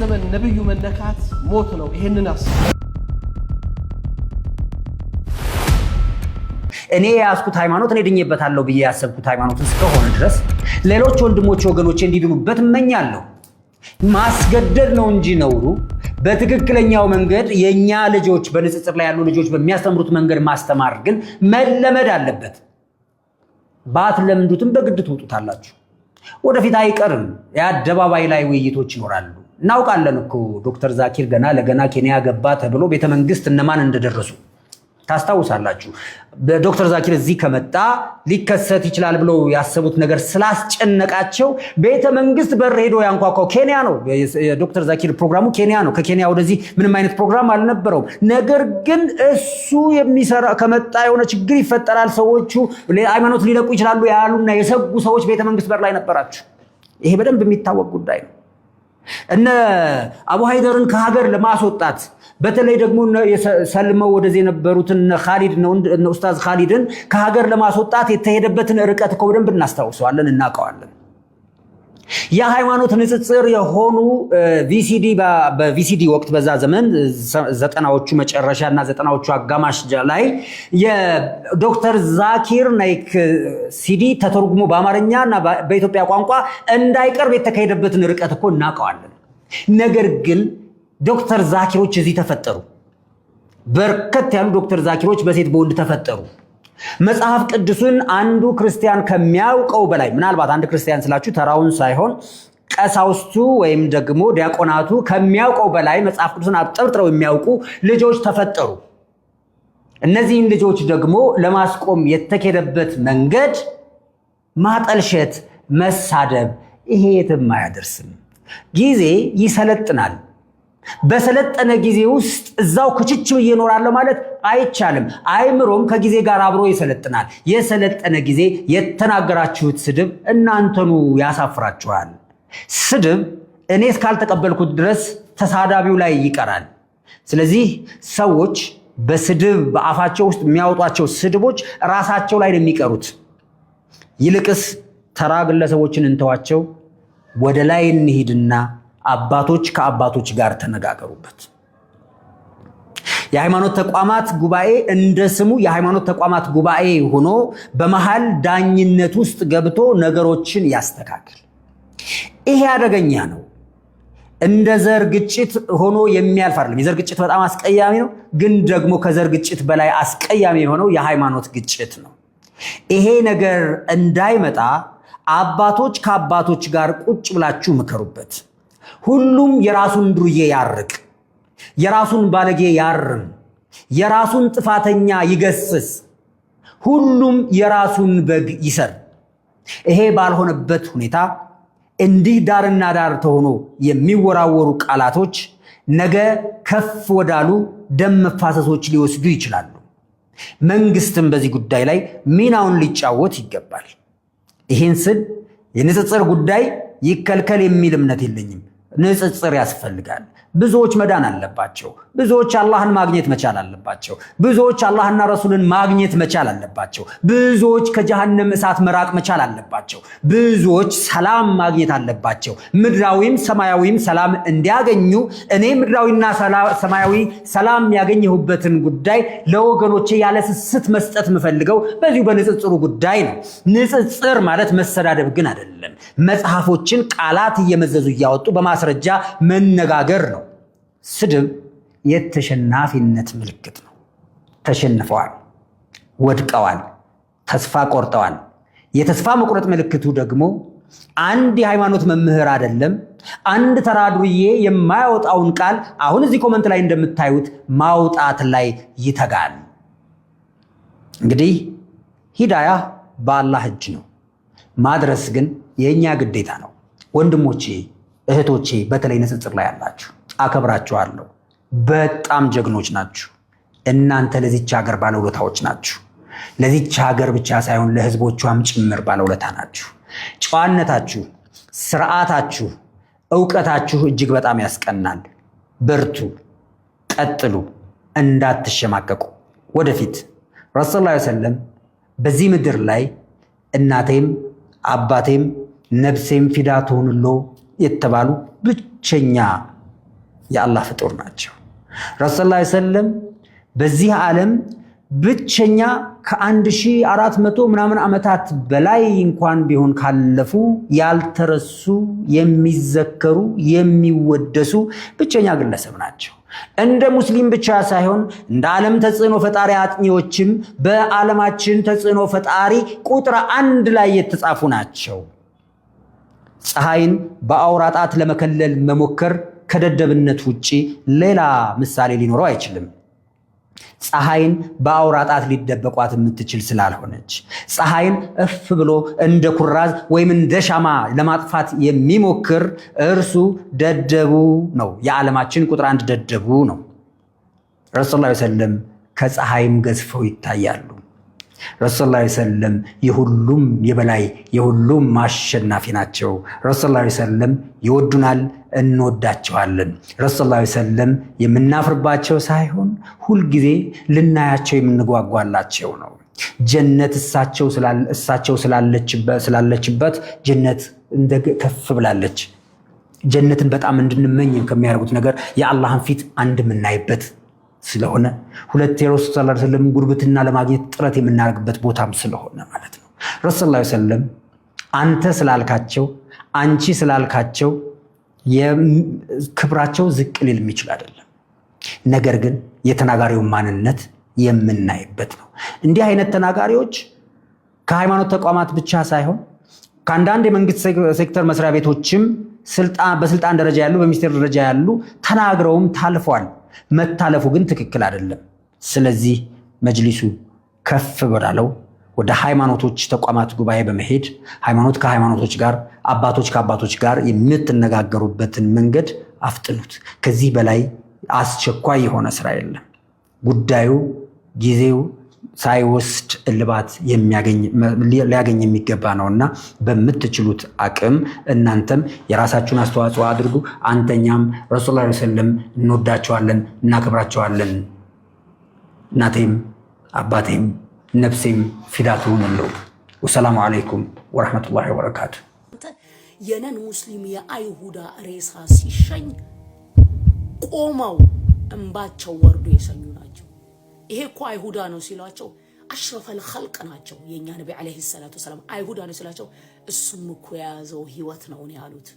ዘመን ነብዩ መነካት ሞት ነው። ይሄንን አስ እኔ የያዝኩት ሃይማኖት እኔ ድኜበታለሁ ብዬ ያሰብኩት ሃይማኖት እስከሆነ ድረስ ሌሎች ወንድሞች ወገኖች እንዲድኑበት እመኛለሁ። ማስገደድ ነው እንጂ ነውሩ በትክክለኛው መንገድ የእኛ ልጆች በንጽጽር ላይ ያሉ ልጆች በሚያስተምሩት መንገድ ማስተማር ግን መለመድ አለበት። ባትለምዱትም በግድ ትውጡታላችሁ። ወደፊት አይቀርም። የአደባባይ ላይ ውይይቶች ይኖራሉ። እናውቃለን እኮ ዶክተር ዛኪር ገና ለገና ኬንያ ገባ ተብሎ ቤተመንግስት እነማን እንደደረሱ ታስታውሳላችሁ። ዶክተር ዛኪር እዚህ ከመጣ ሊከሰት ይችላል ብለው ያሰቡት ነገር ስላስጨነቃቸው ቤተ መንግስት በር ሄዶ ያንኳኳው ኬንያ ነው። ዶክተር ዛኪር ፕሮግራሙ ኬንያ ነው። ከኬንያ ወደዚህ ምንም አይነት ፕሮግራም አልነበረውም። ነገር ግን እሱ የሚሰራ ከመጣ የሆነ ችግር ይፈጠራል፣ ሰዎቹ ሃይማኖት ሊለቁ ይችላሉ ያሉና የሰጉ ሰዎች ቤተ መንግስት በር ላይ ነበራችሁ። ይሄ በደንብ የሚታወቅ ጉዳይ ነው። እነ አቡ ሀይደርን ከሀገር ለማስወጣት በተለይ ደግሞ ሰልመው ወደዚህ የነበሩትን ካሊድ እነ ኡስታዝ ካሊድን ከሀገር ለማስወጣት የተሄደበትን ርቀት እኮ በደንብ እናስታውሰዋለን፣ እናውቀዋለን። የሃይማኖት ንጽጽር የሆኑ ቪሲዲ በቪሲዲ ወቅት በዛ ዘመን ዘጠናዎቹ መጨረሻ እና ዘጠናዎቹ አጋማሽ ላይ የዶክተር ዛኪር ናይክ ሲዲ ተተርጉሞ በአማርኛ እና በኢትዮጵያ ቋንቋ እንዳይቀርብ የተካሄደበትን ርቀት እኮ እናውቀዋለን። ነገር ግን ዶክተር ዛኪሮች እዚህ ተፈጠሩ። በርከት ያሉ ዶክተር ዛኪሮች በሴት በወንድ ተፈጠሩ። መጽሐፍ ቅዱስን አንዱ ክርስቲያን ከሚያውቀው በላይ ምናልባት አንድ ክርስቲያን ስላችሁ ተራውን ሳይሆን ቀሳውስቱ ወይም ደግሞ ዲያቆናቱ ከሚያውቀው በላይ መጽሐፍ ቅዱስን አብጠርጥረው የሚያውቁ ልጆች ተፈጠሩ። እነዚህን ልጆች ደግሞ ለማስቆም የተኬደበት መንገድ ማጠልሸት፣ መሳደብ፣ ይሄ የትም አያደርስም። ጊዜ ይሰለጥናል። በሰለጠነ ጊዜ ውስጥ እዛው ክችች ብዬ እኖራለሁ ማለት አይቻልም። አይምሮም ከጊዜ ጋር አብሮ ይሰለጥናል። የሰለጠነ ጊዜ የተናገራችሁት ስድብ እናንተኑ ያሳፍራችኋል። ስድብ እኔ እስካልተቀበልኩት ድረስ ተሳዳቢው ላይ ይቀራል። ስለዚህ ሰዎች በስድብ በአፋቸው ውስጥ የሚያወጧቸው ስድቦች ራሳቸው ላይ ነው የሚቀሩት። ይልቅስ ተራ ግለሰቦችን እንተዋቸው፣ ወደ ላይ እንሂድና አባቶች ከአባቶች ጋር ተነጋገሩበት። የሃይማኖት ተቋማት ጉባኤ እንደ ስሙ የሃይማኖት ተቋማት ጉባኤ ሆኖ በመሃል ዳኝነት ውስጥ ገብቶ ነገሮችን ያስተካክል። ይሄ አደገኛ ነው። እንደ ዘር ግጭት ሆኖ የሚያልፍ አይደለም። የዘር ግጭት በጣም አስቀያሚ ነው። ግን ደግሞ ከዘር ግጭት በላይ አስቀያሚ የሆነው የሃይማኖት ግጭት ነው። ይሄ ነገር እንዳይመጣ አባቶች ከአባቶች ጋር ቁጭ ብላችሁ ምከሩበት። ሁሉም የራሱን ዱርዬ ያርቅ፣ የራሱን ባለጌ ያርም፣ የራሱን ጥፋተኛ ይገስስ፣ ሁሉም የራሱን በግ ይሰር። ይሄ ባልሆነበት ሁኔታ እንዲህ ዳርና ዳር ተሆኖ የሚወራወሩ ቃላቶች ነገ ከፍ ወዳሉ ደም መፋሰሶች ሊወስዱ ይችላሉ። መንግስትም በዚህ ጉዳይ ላይ ሚናውን ሊጫወት ይገባል። ይህን ስል የንጽጽር ጉዳይ ይከልከል የሚል እምነት የለኝም። ንጽጽር ያስፈልጋል። ብዙዎች መዳን አለባቸው። ብዙዎች አላህን ማግኘት መቻል አለባቸው። ብዙዎች አላህና ረሱልን ማግኘት መቻል አለባቸው። ብዙዎች ከጀሃነም እሳት መራቅ መቻል አለባቸው። ብዙዎች ሰላም ማግኘት አለባቸው። ምድራዊም ሰማያዊም ሰላም እንዲያገኙ እኔ ምድራዊና ሰማያዊ ሰላም ያገኘሁበትን ጉዳይ ለወገኖቼ ያለ ስስት መስጠት የምፈልገው በዚሁ በንጽጽሩ ጉዳይ ነው። ንጽጽር ማለት መሰዳደብ ግን አይደለም። መጽሐፎችን ቃላት እየመዘዙ እያወጡ በማስረጃ መነጋገር ነው። ስድብ የተሸናፊነት ምልክት ነው። ተሸንፈዋል፣ ወድቀዋል፣ ተስፋ ቆርጠዋል። የተስፋ መቁረጥ ምልክቱ ደግሞ አንድ የሃይማኖት መምህር አይደለም አንድ ተራ የማያወጣውን ቃል አሁን እዚህ ኮመንት ላይ እንደምታዩት ማውጣት ላይ ይተጋል። እንግዲህ ሂዳያ በአላህ እጅ ነው፣ ማድረስ ግን የእኛ ግዴታ ነው። ወንድሞቼ እህቶቼ፣ በተለይ ንጽጽር ላይ ያላችሁ አከብራችኋለሁ። በጣም ጀግኖች ናችሁ። እናንተ ለዚች ሀገር ባለውለታዎች ናችሁ። ለዚች ሀገር ብቻ ሳይሆን ለሕዝቦቿም ጭምር ባለውለታ ናችሁ። ጨዋነታችሁ፣ ስርዓታችሁ፣ እውቀታችሁ እጅግ በጣም ያስቀናል። በርቱ፣ ቀጥሉ፣ እንዳትሸማቀቁ። ወደፊት ረሱል ላ ሰለም በዚህ ምድር ላይ እናቴም አባቴም ነብሴም ፊዳ ትሆንሎ የተባሉ ብቸኛ የአላህ ፍጡር ናቸው። ረሱ ላ ሰለም በዚህ ዓለም ብቸኛ ከ1400 ምናምን ዓመታት በላይ እንኳን ቢሆን ካለፉ ያልተረሱ የሚዘከሩ የሚወደሱ ብቸኛ ግለሰብ ናቸው። እንደ ሙስሊም ብቻ ሳይሆን እንደ ዓለም ተጽዕኖ ፈጣሪ አጥኚዎችም በዓለማችን ተጽዕኖ ፈጣሪ ቁጥር አንድ ላይ የተጻፉ ናቸው። ፀሐይን በአውራ ጣት ለመከለል መሞከር ከደደብነት ውጪ ሌላ ምሳሌ ሊኖረው አይችልም። ፀሐይን በአውራ ጣት ሊደበቋት የምትችል ስላልሆነች ፀሐይን እፍ ብሎ እንደ ኩራዝ ወይም እንደ ሻማ ለማጥፋት የሚሞክር እርሱ ደደቡ ነው። የዓለማችን ቁጥር አንድ ደደቡ ነው። ረሱ ላ ሰለም ከፀሐይም ገዝፈው ይታያሉ። ረሱ ላ ሰለም የሁሉም የበላይ የሁሉም አሸናፊ ናቸው። ረሱ ላ ሰለም ይወዱናል፣ እንወዳቸዋለን። ረሱ ላ ሰለም የምናፍርባቸው ሳይሆን ሁልጊዜ ልናያቸው የምንጓጓላቸው ነው። ጀነት እሳቸው ስላለችበት ጀነት ከፍ ብላለች። ጀነትን በጣም እንድንመኝ ከሚያደርጉት ነገር የአላህን ፊት አንድ የምናይበት ስለሆነ ሁለት የረሱ ስ ሰለም ጉርብትና ለማግኘት ጥረት የምናደርግበት ቦታም ስለሆነ ማለት ነው። ረሱ ላ ሰለም አንተ ስላልካቸው አንቺ ስላልካቸው ክብራቸው ዝቅ ሊል የሚችል አይደለም። ነገር ግን የተናጋሪውን ማንነት የምናይበት ነው። እንዲህ አይነት ተናጋሪዎች ከሃይማኖት ተቋማት ብቻ ሳይሆን ከአንዳንድ የመንግስት ሴክተር መስሪያ ቤቶችም በስልጣን ደረጃ ያሉ በሚኒስቴር ደረጃ ያሉ ተናግረውም ታልፏል። መታለፉ ግን ትክክል አይደለም። ስለዚህ መጅሊሱ ከፍ ብላለው ወደ ሃይማኖቶች ተቋማት ጉባኤ በመሄድ ሃይማኖት ከሃይማኖቶች ጋር፣ አባቶች ከአባቶች ጋር የምትነጋገሩበትን መንገድ አፍጥኑት። ከዚህ በላይ አስቸኳይ የሆነ ስራ የለም። ጉዳዩ ጊዜው ሳይወስድ እልባት ሊያገኝ የሚገባ ነው እና በምትችሉት አቅም እናንተም የራሳችሁን አስተዋጽኦ አድርጉ። አንተኛም ረሱል ላ ሰለም እንወዳቸዋለን፣ እናከብራቸዋለን። እናቴም አባቴም ነፍሴም ፊዳት ሁንለው። ወሰላሙ አለይኩም ወረሕመቱላሂ ወበረካቱ። የነን ሙስሊም የአይሁዳ ሬሳ ሲሸኝ ቆመው እምባቸው ወርዶ የሰኙ ናቸው። ይሄ እኮ አይሁዳ ነው ሲሏቸው አሽረፈል ኸልቅ ናቸው የእኛ ነቢ ዓለይሂ ሰላቱ ወሰላም አይሁዳ ነው ሲሏቸው እሱም እኮ የያዘው ህይወት ነው ያሉት።